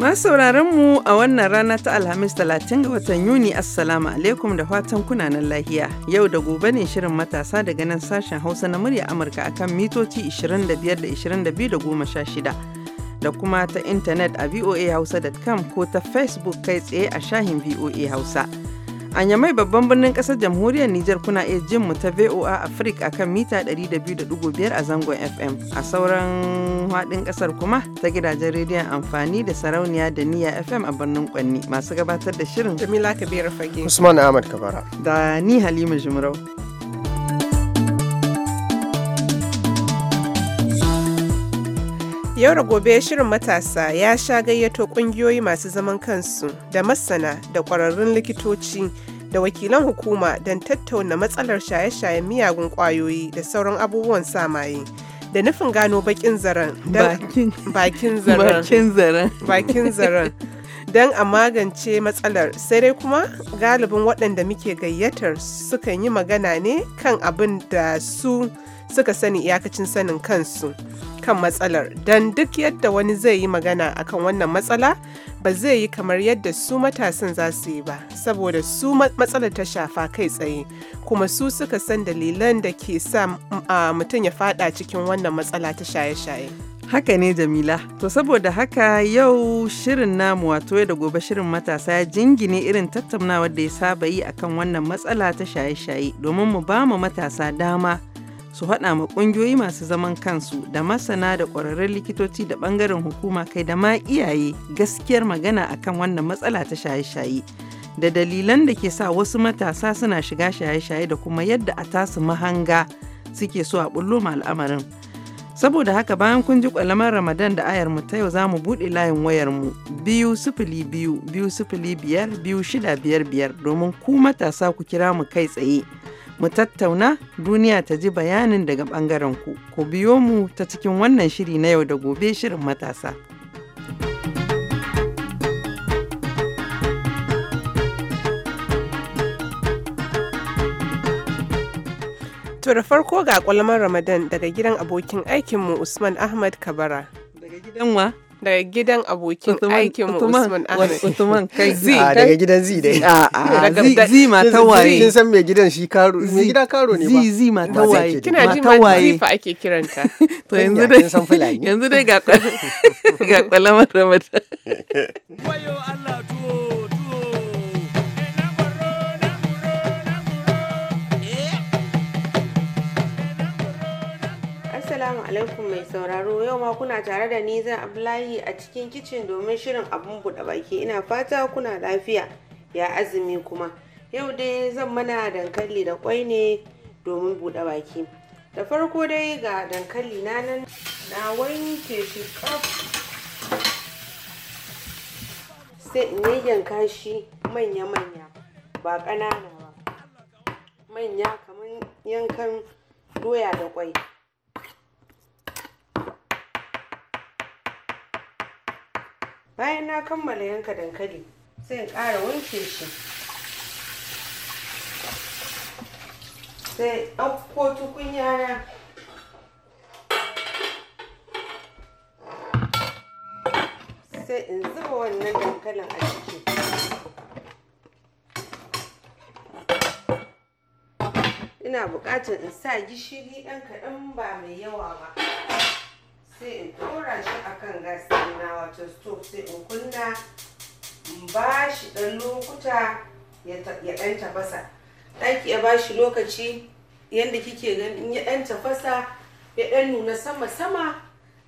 Masu sauraron mu a wannan rana ta Alhamis 30 ga watan Yuni Assalamu alaikum da fatan kunanan lahiya. Yau da gobe ne shirin matasa daga nan sashen Hausa na murya Amurka akan mitoci 25 da 22 da 16 da kuma ta intanet a voahausa.com ko ta Facebook kai tsaye a shahin VOA Hausa. A Nyamai babban birnin kasar jamhuriyar Nijar kuna iya jin mu ta VOA Africa akan mita 200.5 a zangon FM. A sauran haɗin kasar kuma ta gidajen rediyon amfani da sarauniya da niya FM a birnin Kwanni masu gabatar da shirin. Jamila Kabiru Fage. Usman Ahmad Kabara. Da ni Halima Jumrau. Yau da gobe shirin matasa ya sha gayyato kungiyoyi masu zaman kansu da masana da kwararrun likitoci da wakilan hukuma don tattauna matsalar shaye-shayen miyagun kwayoyi da sauran abubuwan samaye. Da nufin gano bakin zaren. Bakin zaren. Don a magance matsalar sai dai kuma galibin waɗanda muke gayyatar sukan yi magana ne kan abin da su suka sani iyakacin sanin kansu kan matsalar don duk yadda wani zai yi magana akan wannan matsala ba zai yi kamar yadda su matasan za su yi ba saboda su matsalar ta shafa kai tsaye kuma su suka san dalilan da ke sa mutum ya fada cikin wannan matsala ta shaye-shaye. Haka ne Jamila, to saboda haka yau shirin namu wato da gobe shirin matasa ya jingine irin tattaunawar da ya saba yi akan wannan matsala ta shaye-shaye domin mu ba mu matasa dama su haɗa ma ƙungiyoyi masu zaman kansu da masana da ƙwararrun likitoci da ɓangaren hukuma kai da ma iyaye gaskiyar magana akan wannan matsala ta shaye-shaye da dalilan da ke sa wasu matasa suna shiga shaye-shaye da kuma yadda a tasu mahanga suke so a bullo ma al'amarin. Saboda haka bayan kun ji ƙwalamar Ramadan da ayar mu ta yau za mu buɗe layin wayar mu biyu sifili biyu biyu sifili biyar biyu shida biyar biyar domin ku matasa ku kira mu kai tsaye. mu tattauna duniya ta ji bayanin daga ɓangaren ku ku biyo mu ta cikin wannan shiri na yau da gobe shirin matasa. To da farko ga ƙwalmar Ramadan daga gidan abokin aikinmu Usman Ahmad Kabara. Daga gidan wa? daga gidan abokin aikin mu Usman Ahmed. Usman kai zi. Ah, daga gidan zi dai. Ah, daga zi mata waye. Kin san mai gidan shi karo. Mai gida karo ne ba. Zi zi mata waye. Kina ji ma zi fa ake kiranta. To yanzu dai. san fulani. Yanzu dai ga kwalamar ramata. Wayo Allah tu. alaikum mai sauraro yau ma kuna tare da ni zan layi a cikin kicin domin shirin abun buɗe baki ina fata kuna lafiya ya azumi kuma yau dai zan mana dankali da kwai ne domin buɗe baki da farko dai ga dankali na nan na wanke shi kaf sai in yayyanka shi manya-manya ba ƙanana ba manya kamar yankan doya da kwai bayan na kammala yanka dankali sai in ƙara wanke shi sai ɗauko tukunya na sai in zuba wannan dankalin a ciki ina buƙatar in sa gishiri ɗan kaɗan ba mai yawa ba sai in tura shi akan gas na wato stove sai in kunna in ba shi ɗan lokuta ya ɗan tafasa ki ya ba shi lokaci yadda kike ganin ya ɗan tafasa ya ɗan nuna sama-sama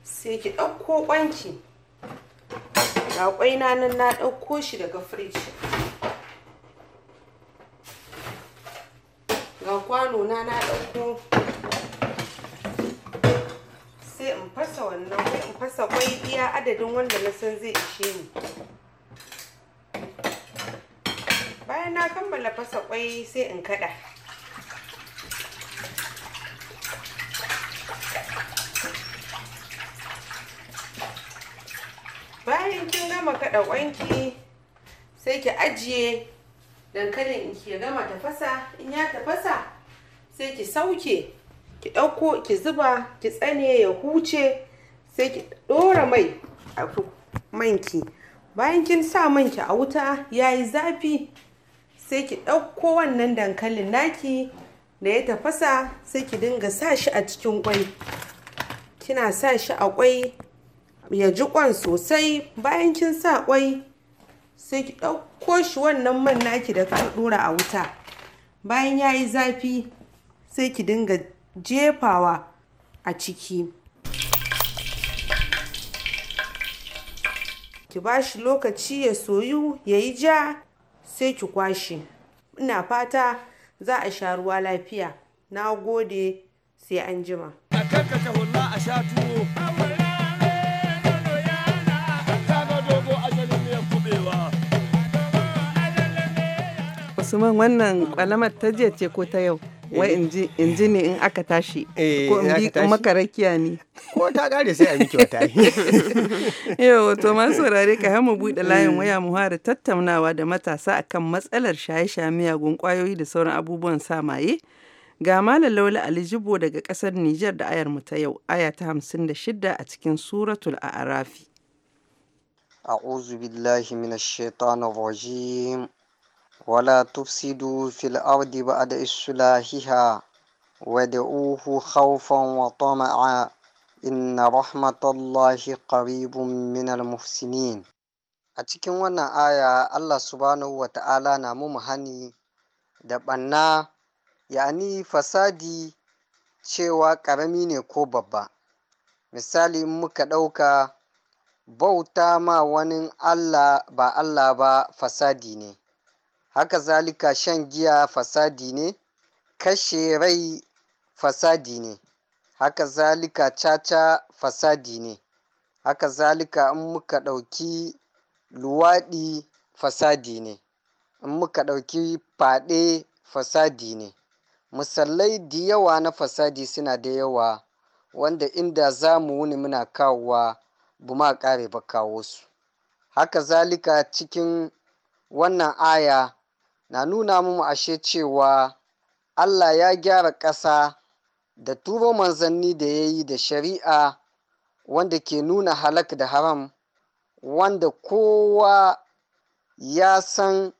sai ki ɗauko ƙwanki ga na nan na ɗauko shi daga firij ga kwano na na ɗauko sai in fasa wannan sai in fasa kwai iya adadin wanda na san zai ishe ni bayan na kammala fasa kwai sai in kada bayan kin gama kada kwanki sai ki ajiye dankalin ki ke gama tafasa in ya tafasa sai ki sauke ki ɗauko ki zuba ki tsane ya huce sai ki ɗora mai a manki bayan kin sa manki a wuta ya yi zafi sai ki ɗauko wannan dankalin naki da ya tafasa sai ki dinga sa shi a cikin kwai kina sa shi a kwai ya ji kwan sosai bayan kin sa kwai sai ki ɗauko shi wannan man naki da ka ɗora a wuta bayan ya yi zafi sai ki dinga jefawa a ciki ki ba shi lokaci ya soyu ya yi ja sai ki kwashe ina fata za a sha ruwa lafiya na gode sai an jima a man wannan kwalamar ta jiya ce ko ta yau? wai eh. in ji ne in aka tashi eh, ko in bi makarakiya ne ko ta gare sai a miki wata yau wato masu saurare ka hamu buɗe layin waya mu tattaunawa da matasa akan matsalar shaye-shaye miyagun kwayoyi da sauran abubuwan samaye ga malam laula alijibo daga ƙasar Nijar da ayar mu ta yau aya ta hamsin da shidda a cikin suratul a'arafi. أعوذ بالله من الشيطان الرجيم ولا تفسدوا في الأرض بعد إصلاحها وادعوه خوفا وطمعا إن رحمة الله قريب من المحسنين a cikin wannan aya Allah subhanahu wa ta'ala na mu hani da ɓanna yani fasadi cewa ƙarami ne ko babba misali muka ɗauka bauta ma wani Allah ba Allah ba fasadi ne haka zalika shan giya fasadi ne kashe rai fasadi ne haka zalika caca fasadi ne haka zalika in muka ɗauki luwaɗi fasadi ne in muka ɗauki faɗe fasadi ne musallai da yawa na fasadi suna da yawa wanda inda za mu wuni muna kawowa bu ma ƙare ba kawo su haka zalika cikin wannan aya na nuna mu ashe cewa Allah ya gyara ƙasa da tubo manzanni da ya yi da shari'a wanda ke nuna halak da haram wanda kowa ya san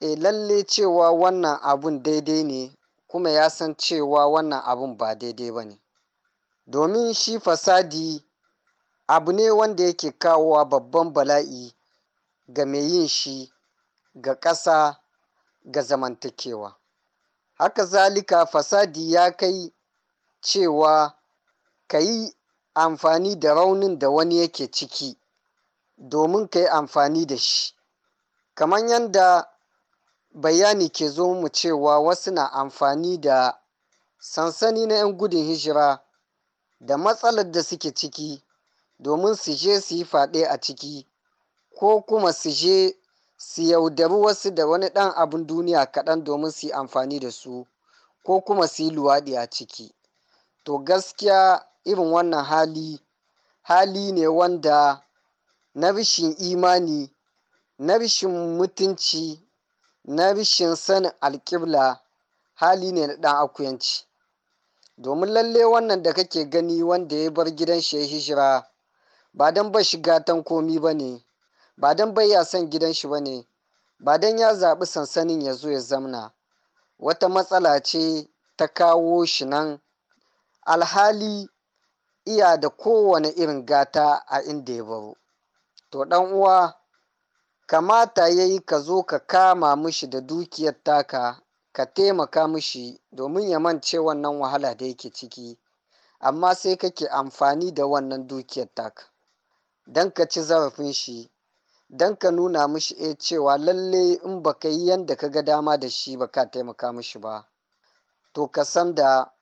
e lalle cewa wannan abun daidai ne kuma ya san cewa wannan abun ba daidai ba ne domin shi fasadi abu ne wanda yake kawowa babban bala'i ga mai yin shi ga ƙasa ga zamantakewa haka zalika fasadi ya kai cewa ka yi amfani da raunin da wani yake ciki domin ka yi amfani da shi kamar yadda bayani ke zo mu cewa wasu na amfani da sansani na 'yan gudun hijira da matsalar da suke ciki domin su je su yi faɗe a ciki ko kuma su je su yaudari wasu da wani ɗan abin duniya kaɗan domin su yi amfani da su ko kuma su yi luwaɗi a ciki to gaskiya irin wannan hali hali ne wanda na rashin imani na rashin mutunci na rashin sanin alƙibla hali ne na ɗan akuyanci domin lalle wannan da kake gani wanda ya bar gidan shi ya hijira ba don ba shiga tan komi ba ne ba don bai ya son gidan shi ba ne ba don ya zaɓi sansanin ya zo ya zamna wata matsala ce ta kawo shi nan alhali iya da kowane irin gata a inda ya baro to ɗan uwa kamata ya yi ka zo ka kama mishi da dukiyar taka ka taimaka mishi domin ya mance wannan wahala da yake ciki amma sai kake amfani da wannan dukiyar taka don ka ci zarafin shi don ka nuna mishi e cewa lalle in ba ka yi yadda ka ga dama da shi ba ka taimaka mishi ba to ka san da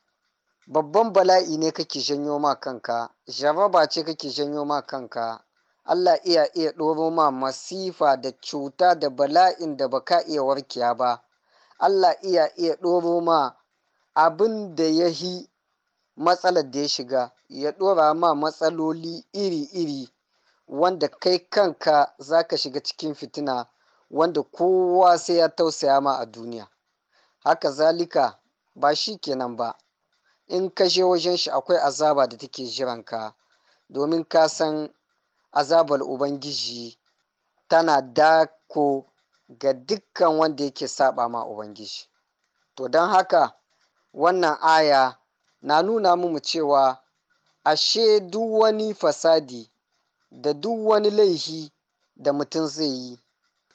babban bala'i ne kake janyo ma kanka jaraba ce kake janyo ma kanka Allah iya iya ɗoro ma masifa da cuta da bala'in da ba ka iya warkiya ba Allah iya iya ɗoro ma abin da ya hi matsalar da ya shiga ya ɗora ma matsaloli iri-iri wanda kai kanka za ka shiga cikin fitina wanda kowa sai ya tausaya ma a duniya haka zalika ba shi kenan ba in ka je wajen shi akwai azaba da take jiranka domin ka san azabar ubangiji tana dako ga dukkan wanda yake saba ma ubangiji to don haka wannan aya na nuna mu cewa ashe duk wani fasadi da duk wani laifi da mutum zai yi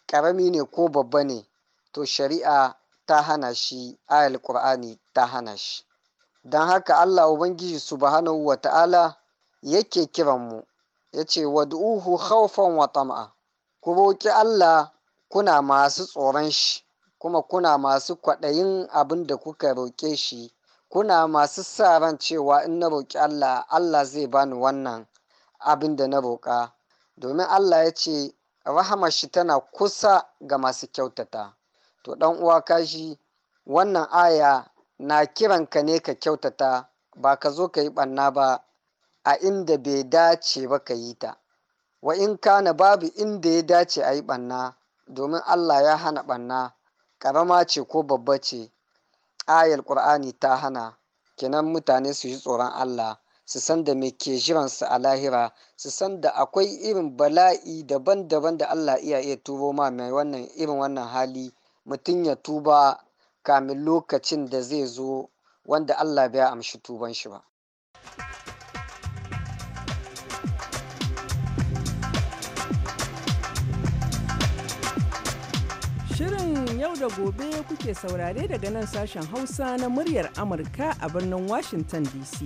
ƙarami ne ko babba ne to shari'a ta hana shi ayal ƙur'ani ta hana shi don haka allah ubangiji subhanahu wa ta'ala yake kiranmu ya ce wad'uhu khawfan wa tam'a ku roƙi allah kuna masu tsoron shi kuma kuna masu kwaɗayin abin da kuka roƙe shi kuna masu sa ran cewa in na roƙi allah allah zai bani wannan abin da na roƙa domin Allah ya ce rahamar shi tana kusa ga masu kyautata to ɗan uwa kashi wannan aya na kiranka ne ka kyautata ba ka zo ka yi ɓanna ba a inda bai dace ba ka yi ta wa in kana babu inda ya dace a yi ɓanna domin Allah ya hana ɓanna ƙarama ce ko babba ce ayar ƙur'ani ta hana kenan mutane su yi tsoron Allah su san da mai ke jiransu a lahira su san da akwai irin bala'i daban-daban da Allah iya iya tubo ma mai wannan irin wannan hali mutum ya tuba kamin lokacin da zai zo wanda Allah bai amshi tuban shi ba. Shirin yau da gobe kuke saurare daga nan sashen Hausa na muryar Amurka a birnin Washington DC.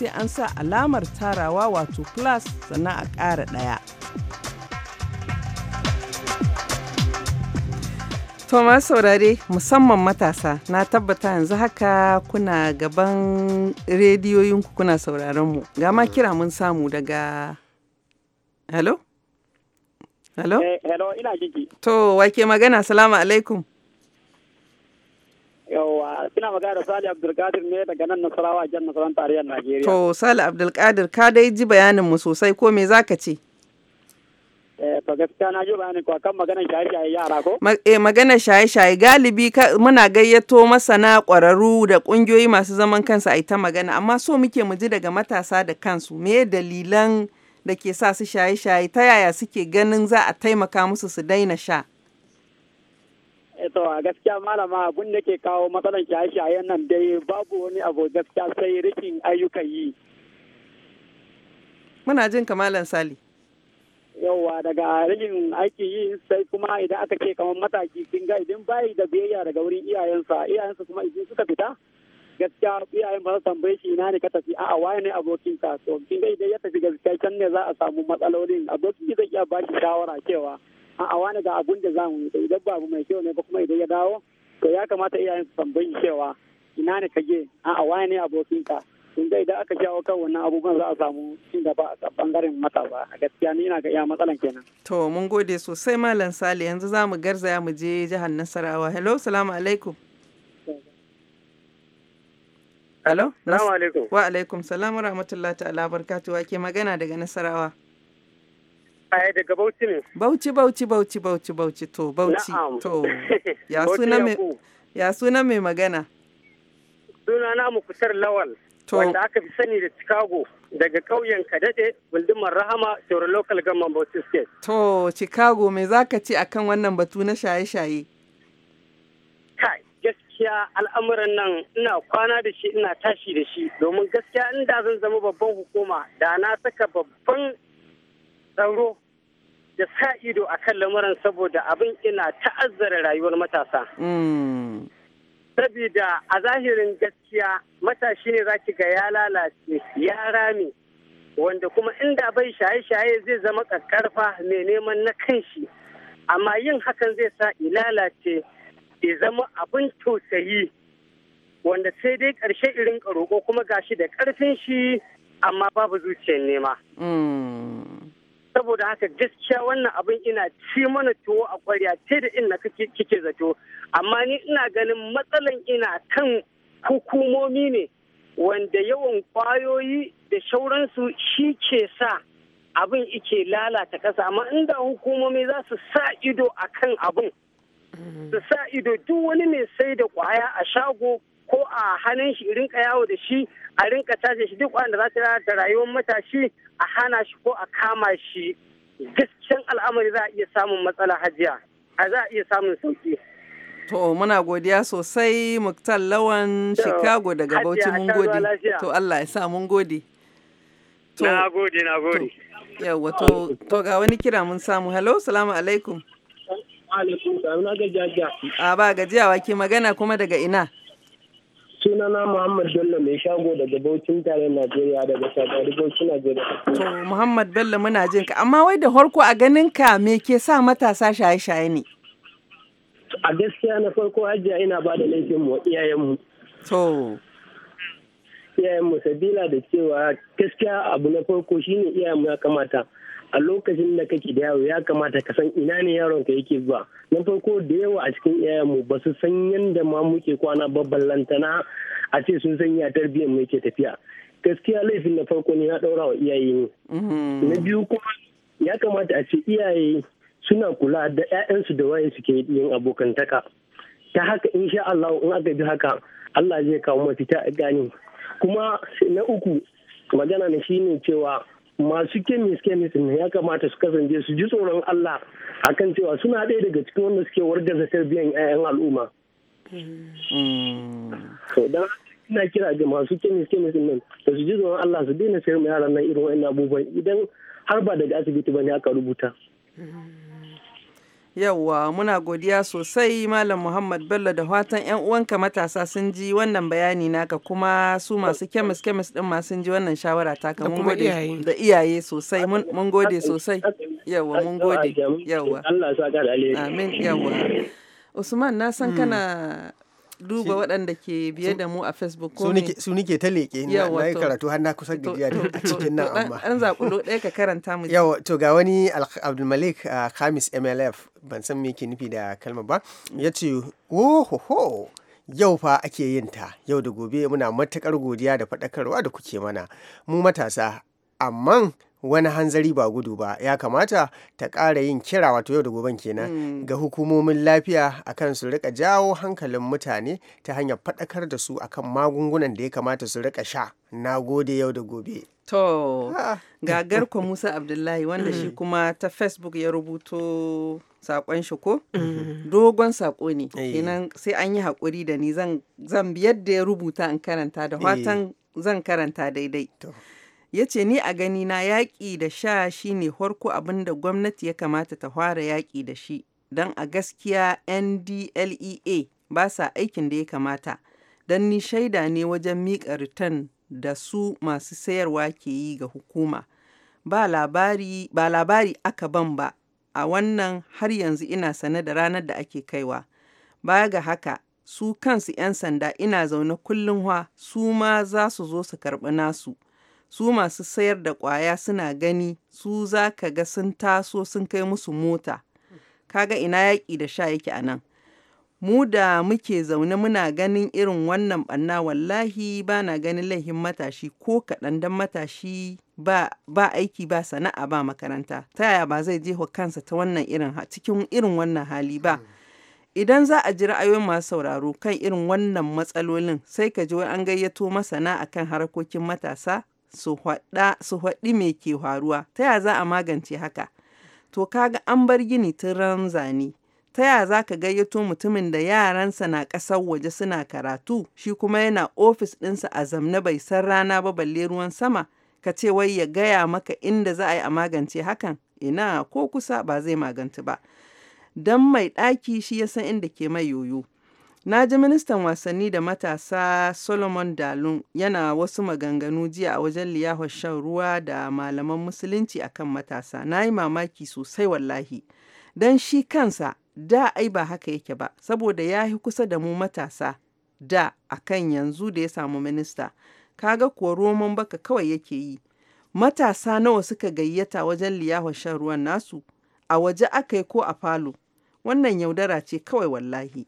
sai an sa alamar tarawa wato plus sannan a ƙara ɗaya. Thomas saurare musamman matasa na tabbata yanzu haka kuna gaban rediyoyinku kuna sauraron mu ga kira mun samu daga hello hello eh, hello ina gigi. to wake magana salamu alaikum Yawwa, kina magana da Sali Abdulkadir ne daga nan Nasarawa jan Nasarar Tarayyar Najeriya. To, Sali Abdulkadir, ka dai ji bayanin mu sosai ko me zaka ce? Eh, to gaskiya na ji bayanin ko kan maganar shaye-shaye yara ko? Eh maganar shaye-shaye galibi muna gayyato masana ƙwararru da ƙungiyoyi masu zaman kansu a ita magana amma so muke mu ji daga matasa da kansu me dalilan da ke sa su shaye-shaye ta yaya suke ganin za a taimaka musu su daina sha? Eh, to a gaskiya malama abun da ke kawo matsalan shaye-shayen nan dai babu wani abu gaskiya sai rikin ayyukan yi muna jin kamalan sali yauwa daga rikin aiki yi sai kuma idan aka ce kamar mataki sun ga idan bayi da biyayya daga wurin iyayensa iyayensa kuma idan suka fita gaskiya iyayen ba su tambaye shi ina ne ka tafi a'a waye ne abokin ka to kin ga idan ya tafi gaskiya can ne za a samu matsalolin abokin zai iya ba shi shawara cewa a wani ga abun da zamu idan babu mai kyau ne ba kuma idan ya dawo to ya kamata iyayen su tambayi cewa ina ne je a wani ne abokinka tunda idan aka shawo kan wannan abubuwan za a samu cin gaba a bangaren matasa a gaskiya ni ina ga iya matsalan kenan. To mun gode sosai Malam Sale yanzu za mu garzaya mu je jihar Nasarawa. Hello, salamu alaikum. Hello? Salamu alaikum. Wa alaikum salam rahmatullahi ta'ala barkatu wa ke magana daga Nasarawa. Eh daga Bauchi ne. Bauchi Bauchi Bauchi Bauchi to Bauchi to ya suna mai magana. Suna na Mukutar Lawal. Wanda aka fi sani da Chicago daga ƙauyen Kadade, gundumar Rahama, Shore Local Government Bauchi State. To, Chicago me za ka ce akan wannan batu na shaye-shaye? Kai, gaskiya al'amuran nan ina kwana da shi ina tashi da shi domin gaskiya inda zan zama babban hukuma da na saka babban tsaro da sa ido a kan lamuran saboda abin ina ta'azzara rayuwar matasa. Mm. Sabida a zahirin gaskiya matashi ne za ki ga ya lalace ya rame wanda kuma inda bai shaye-shaye zai zama ƙarƙarfa mai neman na kanshi amma yin hakan zai sa lalace ya zama abin tausayi wanda sai dai ƙarshe irin roƙo kuma gashi da ƙarfin shi amma babu zuciyar nema. Mm. saboda haka gaskiya wannan abin ina ci mana tuwo a kwarya ce da inna kike zato amma ni ina ganin matsalan ina kan hukumomi ne wanda yawan kwayoyi da shauransu shi ke sa abin ike lalata ƙasa amma inda hukumomi za su sa ido a kan abin su sa ido duk wani mai sai da kwaya a shago ko a hannun shi irin yawo da shi a rinka tashi shi duk wanda za su da rayuwar matashi a hana shi ko a kama shi gaskiyan al'amari za a iya samun matsala hajiya a za a iya samun sauki. To muna godiya sosai Muktar Lawan Chicago daga Bauchi mun gode. To Allah ya sa mun gode. Na gode na gode. Yawwa to to ga wani kira mun samu. Hello, salamu alaikum. Alaikum, na gajiya. A ba gajiya wa ke magana kuma daga ina? sunana Muhammad Bello mai shago daga Bautin tare Najeriya daga Shagari Bautin Najeriya. To Muhammad Bello muna jin ka amma wai da harko a ganin ka me ke sa matasa shaye-shaye ne? A gaskiya na farko ajiya ina ba da laifin mu iyayenmu. To. Iyayenmu sabila da cewa gaskiya abu na farko shine iyayenmu ya kamata. a lokacin da kake da yaro ya kamata ka san ina ne yaron ka yake zuwa na farko da yawa a cikin iyayenmu ba su san yadda ma muke kwana babban lantana a ce sun san ya tarbiyyar mu yake tafiya gaskiya laifin na farko ne na daura wa iyaye ne mm-hmm. na biyu kuma ya kamata a ce iyaye suna kula da 'ya'yansu da waye suke yin abokantaka ta haka insha Allah in aka bi haka Allah zai kawo mafita a gani kuma na uku magana na shine cewa masu kemis kemis ne ya kamata su kasance su ji tsoron Allah akan cewa suna ɗaya daga cikin wanda suke wargaza sarbiyan 'ya'yan al'umma. Hmm. So don ina kira ga masu kemis kemis nan da su ji tsoron Allah su daina sayar ma yaran nan irin wa'in abubuwan idan har ba daga asibiti ba ne aka rubuta. Hmm. Yawwa muna godiya sosai Malam Muhammad Bello da fatan 'yan uwanka matasa sun ji wannan bayani naka kuma su masu kemis kemis din ma sun ji wannan shawara taka mun gode da iyaye sosai mun gode sosai yawwa mun gode yawwa Amin yawwa Usman na san kana hmm. duba waɗanda ke biye da mu a facebook ko su nike ta leƙe ni na yi karatu har na kusa gajiya a cikin nan amma an zaɓi ɗaya ka karanta mu yawa to ga wani abdulmalik ah, khamis mlf ban san me ke nufi da kalma ba ya ce ho yau fa ake yin ta yau da gobe muna matakar godiya da faɗakarwa da kuke mana mu matasa amma wani hanzari ba gudu ba ya kamata ta ƙara yin kira wato yau da goben kenan hmm. ga hukumomin lafiya akan su rika jawo hankalin mutane ta hanyar faɗakar da su akan magungunan da ya kamata su rika sha na gode yau da gobe To, gagar ko Musa Abdullahi wanda shi mm. kuma ta Facebook ya rubuto saƙon shi ko? Mm. Dogon saƙo ne, kenan sai an yi haƙuri da ni zan yadda ya rubuta in karanta da watan zan karanta daidai. Ya ce ni a gani na yaƙi da sha shi ne horko abinda gwamnati ya kamata ta fara yaƙi da shi, don a gaskiya NDLEA ba sa aikin da ya kamata, don ni shaida ne wajen miƙa return da su masu sayarwa ke yi ga hukuma. Ba labari, ba labari aka ban ba, a wannan har yanzu ina sane da ranar da ake kaiwa. Baya ga haka, su kansu 'yan sanda ina zaune kullum wa su ma za su zo su karɓi nasu. Su masu sayar da ƙwaya suna gani, su za ka ga sun taso sun kai musu mota. Kaga ina yaƙi da sha yake a nan. mu da muke zaune muna ganin irin wannan banna wallahi ba na ganin laifin matashi ko kaɗan dan matashi ba, ba aiki ba sana'a ba makaranta ta yaya ba zai je kansa ta wannan irin cikin irin wannan hali ba idan za a ji ra'ayoyin masu sauraro kan irin wannan matsalolin sai ka ji wai an gayyato masana akan harkokin matasa su haɗi me ke faruwa ta yaya za a magance haka to kaga an bar gini tun ran zane ta ya za ka gayyato mutumin da yaransa na ƙasar waje suna karatu shi kuma yana ofis ɗinsa a zamna bai san rana ba balle ruwan sama ka ce wai ya gaya maka inda za a yi a magance hakan ina ko kusa ba zai magantu ba don mai ɗaki shi ya san inda ke mai yoyo na ji ministan wasanni da matasa solomon dalun yana wasu maganganu jiya a wajen liyafar shan ruwa da malaman musulunci akan matasa na yi mamaki sosai wallahi don shi kansa da ai ba haka yake ba saboda ya yi kusa da mu matasa da akan yanzu da ya samu minista kaga kuwa roman baka kawai yake yi matasa nawa suka gayyata wajen liyawar shan ruwan nasu a waje aka yi ko a falo wannan yaudara ce kawai wallahi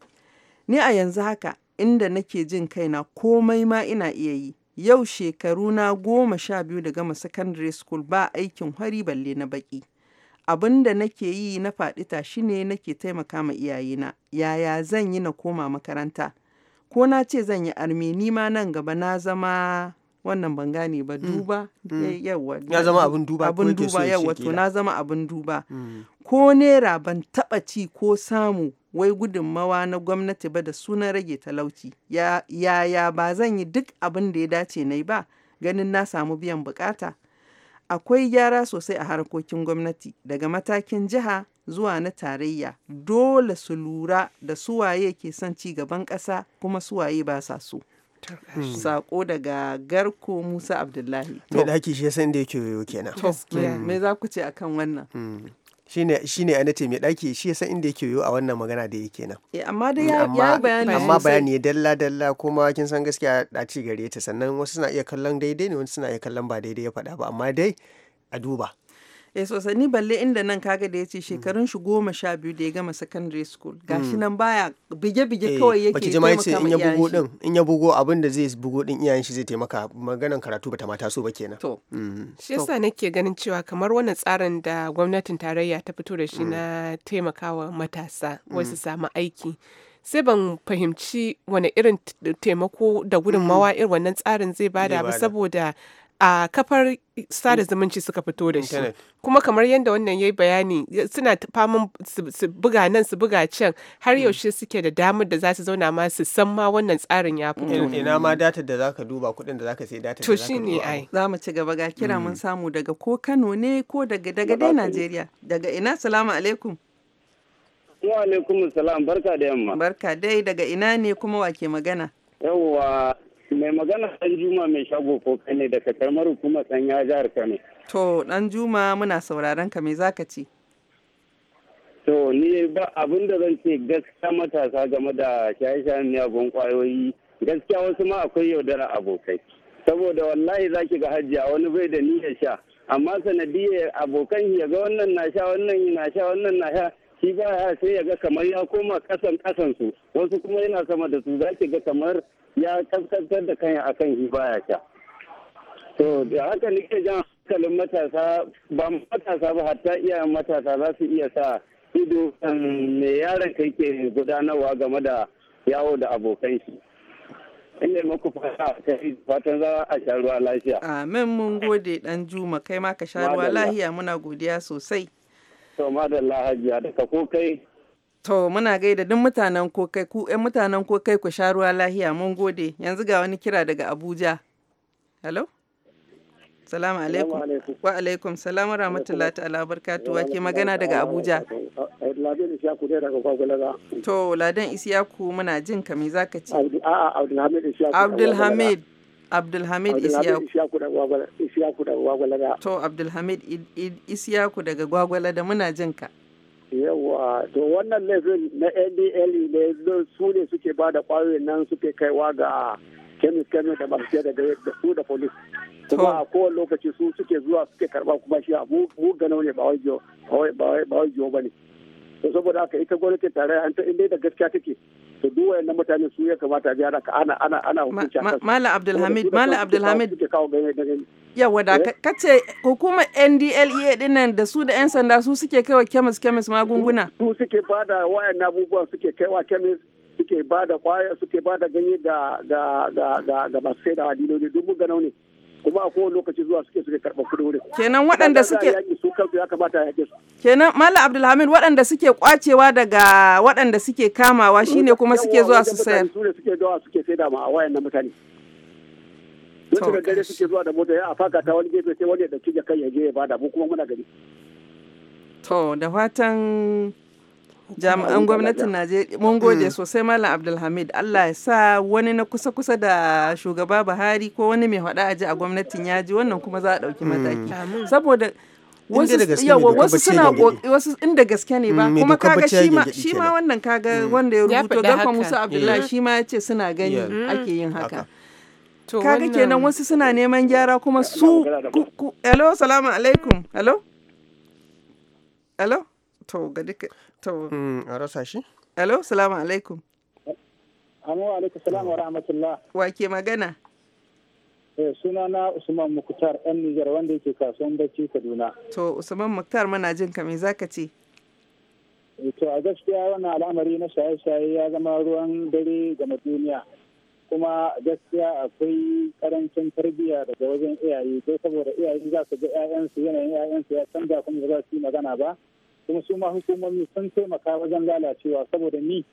ni a yanzu haka inda nake jin kaina komai ma ina iya yi yau shekaru na goma sha biyu da gama secondary school ba aikin hari balle na baki abin da nake yi na faɗi tashi ne nake taimaka ma iyayena yaya zan yi na koma makaranta ko na ce zan yi armi ni ma nan gaba na zama wannan ban gane ba mm. duba mm. eh, yawa ya zama abin duba abin duba yawa to na zama abin duba mm. ko nera ban taba ci ko samu wai gudunmawa na gwamnati ba da sunan rage talauci yaya ba zan yi duk abin da ya dace na yi ba ganin na samu biyan bukata akwai gyara sosai a harkokin gwamnati daga matakin jiha zuwa na tarayya dole su lura da suwaye ke son ci gaban ƙasa kuma suwaye ba sa so. Hmm. Sako daga Garko Musa Abdullahi. Me ɗaki shi ya san da yake yoyo kenan. Hmm. Me za ku ce akan wannan? Hmm. shine shine ana na mai ɗaki shi yasa inda yake yiwu a wannan magana da yake nan eh, amma dai ya bayani amma bayani ya dalla dalla kuma kin san gaskiya a ci gare ta sannan wasu suna iya kallon daidai ne wasu suna iya kallon ba daidai ya faɗa ba amma dai a duba Eh sosai ni balle inda nan kaga da ya hmm. shekarun shi goma sha biyu da ya gama secondary school gashi hmm. nan baya bige-bige eh, kawai yake taimaka yace in ya bugo din in ya bugo abin da zai bugo din iyayen shi zai taimaka maganan karatu ba ta mata so ba kenan. Hmm. To. Shi yasa nake ganin cewa kamar wannan tsarin da gwamnatin tarayya ta fito da shi na taimakawa matasa wasu samu aiki. sai ban fahimci wani irin taimako da gudunmawa irin wannan tsarin zai bada ba saboda a kafar sada zumunci suka fito da shi kuma kamar yadda wannan ya yi bayani suna faman su buga nan su buga can har mm. yaushe suke da damar da za su zauna ma su san ma wannan tsarin ya fito ina ma data da za ka duba kuɗin da za ka sai data to shi ne ai za mu ci gaba ga kira mun mm. samu daga ko kano ne ko daga daga dai najeriya daga ina salamu alaikum wa alaikum salam barka da yamma barka dai daga ina ne kuma wa ke magana yawwa mai magana dan juma mai shago ko ne daga karmar kuma sanya jihar kano to dan juma muna sauraron ka me zaka ce to ni ba abin da zan ce gaskiya matasa game da shaye-shayen miyagun kwayoyi gaskiya wasu ma akwai yaudara abokai saboda wallahi zaki ga hajiya wani bai da niyyar sha amma sanadiyar abokan ya ga wannan na sha wannan na sha wannan na sha shi ba ya sai ya ga kamar ya koma kasan kasan su wasu kuma yana sama da su zaki ga kamar ya kaskantar da kanya akan shi baya sha to da haka nake jan hankalin matasa ba matasa ba hatta iyayen matasa za su iya sa ido me yaran kai ke gudanarwa game da yawo da abokan shi ina maku fata fatan za a sha ruwa lafiya amin mun gode dan juma kai ma ka sha ruwa muna godiya sosai to madalla hajiya da ka ko kai To muna gaida duk mutanen ko kai ku ƴan mutanen ko kai ku sha ruwa lahiya mun gode yanzu ga wani kira daga Abuja. Hello? Salamu alaikum. Wa alaikum salam wa rahmatullahi ta'ala barkatuwa ke magana daga Abuja. Eh, Ladan Isiyaku ne daga Kwagwalaga. To Ladan Isiyaku muna jin ka me zaka ce? A'a Abdulhamid Isiyaku. Abdulhamid Abdulhamid Isiyaku daga Gwagwalaga. To Abdulhamid Isiyaku daga Gwagwalaga muna jin ka. yawa to wannan laifin na ndl ne su ne suke ba da kwayoyin nan suke kaiwa ga kemis kemis da masu da su da polis kuma a kowane lokaci su suke zuwa suke karba kuma shi a mu gano ne ba wai ba ne to saboda haka ita gwamnatin tare an ta inda da gaskiya take to duk wayannan mutane su ya kamata a biya ana ana ana hukunci akan Mala Abdulhamid Mala Abdulhamid yawa da eh? ce hukumar NDLEA dinnan da su da 'yan sanda su suke kaiwa chemist chemist magunguna su suke bada na abubuwan suke kaiwa chemist suke bada kwaya suke bada ganye ga ga ga ga masu sai da diloli duk mu ganau ne kuma a kowane lokaci zuwa suke suke karɓar kuɗi wurin. Kenan waɗanda suke su kansu ya kamata ya yake su. Kenan Malam Abdulhamid waɗanda suke kwacewa daga waɗanda suke kamawa shine kuma suke zuwa su sayar. Su ne suke zuwa suke sai da ma'awa yana mutane. Mutu da dare suke zuwa da mota ya faka ta wani gefe sai wani da ɗauki kai ya je ya bada mu kuma muna gari. To da fatan jami'an gwamnatin najeriya mun gode mm. sosai malam abdulhamid allah ya sa wani na kusa kusa da shugaba buhari ko wani mai faɗa aji a gwamnatin ya ji wannan kuma za a ɗauki mm. mataki saboda wasu suna wasu inda gaske ne ba mm, kuma kaga shi ma wannan kaga wanda ya rubuto garfa musa eh. abdullahi shi ma ya ce suna gani ake yin haka kaga kenan wasu suna neman gyara kuma su hello salamu alaikum hello hello to ga duka to mm, a rasa shi alo salamu alaikum wa alaikum salamu wa rahmatullah wa ke magana eh, suna na usman muktar ɗan nijar wanda yake kasuwan bacci kaduna to usman muktar muna jin ka me zaka ce eh, to a gaskiya wannan al'amari na shaye-shaye ya zama ruwan dare ga duniya kuma gaskiya akwai karancin tarbiyya daga wajen iyaye ko saboda iyaye za su ga 'ya'yansu yanayin 'ya'yansu ya canza kuma ba za su yi magana ba kuma su ma hukumomi sun taimaka wajen lalacewa saboda ni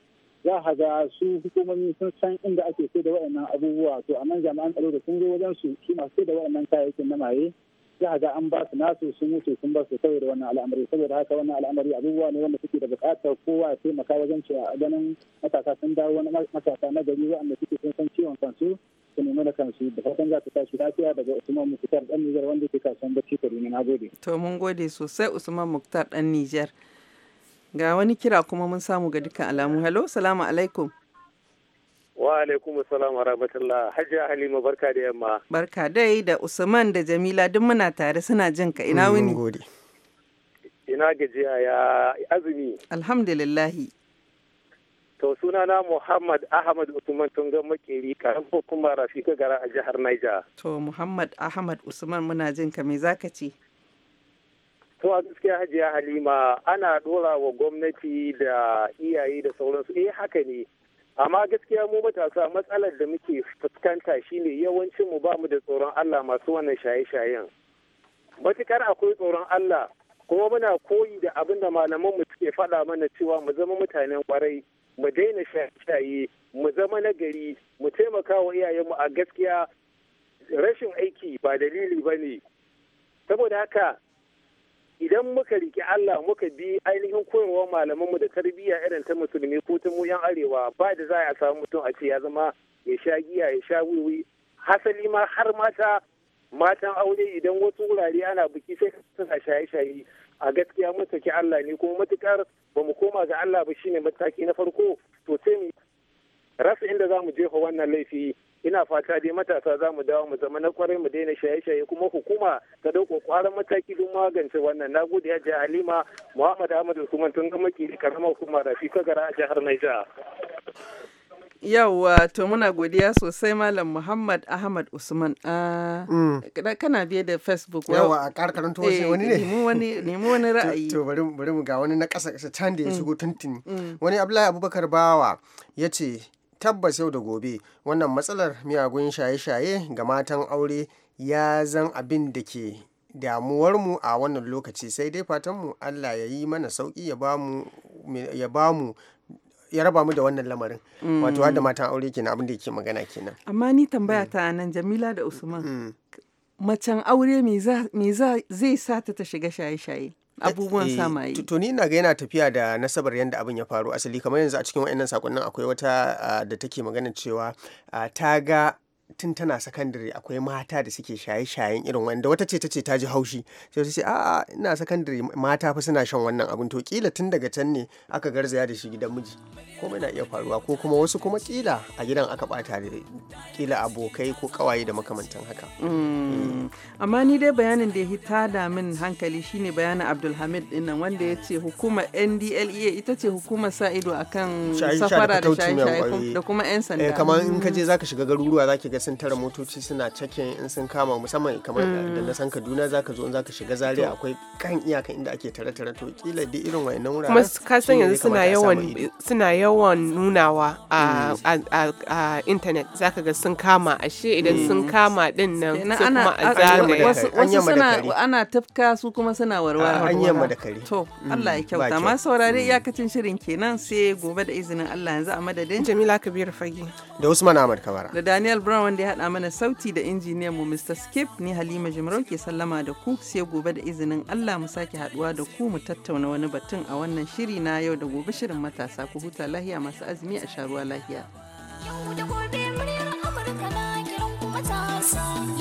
za a ga su hukumomi sun san inda ake sai da waɗannan abubuwa to a nan jami'an tsaro da sun zo wajen su su ma sai da waɗannan kayayyakin na maye za a ga an ba su nasu sun wuce sun ba su saboda wannan al'amari saboda haka wannan al'amari abubuwa ne wanda suke da buƙatar kowa ya taimaka wajen cewa ganin matasa sun dawo wani matasa na gari waɗanda suke sun san ciwon kansu su nemi da kansu da fatan za ku tashi lafiya daga Usman Muktar dan Nijar wanda ke kasuwan Bacci Kaduna na gode. To mun gode sosai Usman Muktar dan Nijar. Ga wani kira kuma mun samu ga dukkan alamu. Hello, salamu alaikum. Wa alaikum assalam wa rahmatullah. Hajiya Halima barka da yamma. Barka dai da Usman da Jamila duk muna tare suna jin ka ina mm, wuni. Ina gajiya ya azumi. alhamdulillah To sunana Muhammad Ahmad Usman tun Tungan Makeri karan hukumar Rafika Gara a jihar Niger. To Muhammad Ahmad Usman muna jin ka me zaka ce? To a gaskiya Hajiya Halima ana dora wa gwamnati da iyaye da sauransu eh haka ne. Amma gaskiya mu matasa matsalar da muke fuskanta shine yawancin mu ba mu da tsoron Allah masu wannan shaye-shayen. Matukar akwai tsoron Allah kuma muna koyi da abinda da malaman mu suke faɗa mana cewa mu zama mutanen kwarai mu daina shaye mu zama nagari mu taimaka wa iyayenmu a gaskiya rashin aiki ba dalili ba ne saboda haka idan muka riki Allah muka bi ainihin koyarwar malamanmu da tarbiyya irin ta musulmi ko ta mu yan arewa ba da za a samu mutum a ce ya zama ya sha giya ya sha wiwi hasali ma har mata matan aure idan wasu wurare ana biki sai suna shaye-shaye a gaskiya mun saki Allah ne kuma matukar ba mu koma ga Allah ba shine mataki na farko to sai mu rasa inda za mu jefa wannan laifi ina fata dai matasa za mu dawo mu zama na kwarai mu daina shaye-shaye kuma hukuma ta dauko kwaran mataki don magance wannan na gode ya ji halima muhammad ahmad usman tun ga kiri karamar hukumar rafi kagara a jihar niger. Yawwa, to muna godiya sosai Malam Muhammad Ahmad Usman. Ah, mm. kana biye da Facebook. Yawwa, a karkarin to eh, wani ne? Nemi wani ra'ayi. To bari mu ga wani na ƙasa ƙasa can da ya mm. shigo tuntuni. Mm. Wani Abdullahi Abubakar Bawa ya ce tabbas yau da gobe wannan matsalar miyagun shaye-shaye ga matan aure ya zan abin da ke mu a wannan lokaci sai dai fatan mu Allah ya yi mana sauki ya ba mu ya raba mu da wannan lamarin mm. wato har da matan aure kenan abin da yake magana kenan amma ni tambaya ta nan Jamila da Usman mm. macen aure me zai sa ta ta shiga shaye-shaye abubuwan eh, samaye. To ni na ga yana tafiya da nasabar yadda abin ya faru asali kamar yanzu a cikin wayannan sakonnin akwai wata ah, da take magana cewa ah, ta ga tun tana sakandare akwai mata da suke shaye-shayen irin wanda wata ce tace ta ji haushi sai ta ce a'a ina sakandare mata fa suna shan wannan abin to kila tun daga can ne aka garzaya da shi gidan miji komai na iya faruwa ko kuma wasu kuma kila a gidan aka bata da kila abokai ko kawaye da makamantan haka mm. eh. amma ni dai bayanin da ya hita da min hankali shine bayanin Abdulhamid dinnan wanda ya ce hukumar NDLEA ita ce hukumar sa ido akan safara da shaye-shaye da kuma 'yan sanda eh, kamar in ka je mm. zaka shiga garuruwa zaki ga sun tara motoci suna cakin in sun kama musamman kamar mm. da na san kaduna zaka zo in zaka shiga zaria akwai kan iyaka inda ake tare tare to kila dai irin wayannan wuraren kuma ka san yanzu suna yawan suna yawan nunawa a mm. a internet zaka ga sun kama ashe idan sun mm. kama din nan kuma a zagaye wasu suna ana tafka su kuma suna warwara an yamma da kare to Allah ya kyauta ma saurare iyakacin shirin kenan sai gobe da izinin Allah yanzu a madadin Jamila Kabir Fage da Usman Ahmad Kabara da Daniel Brown wanda ya haɗa mana sauti da injiniyan mu Mr. Skip ni Halima Jimrau ke sallama da ku sai gobe da izinin Allah mu sake haɗuwa da ku mu tattauna wani batun a wannan shiri na yau da gobe shirin matasa ku huta lahiya masu azumi a sharuwa lahiya. Yau da gobe muryar Amurka na kiran ku matasa.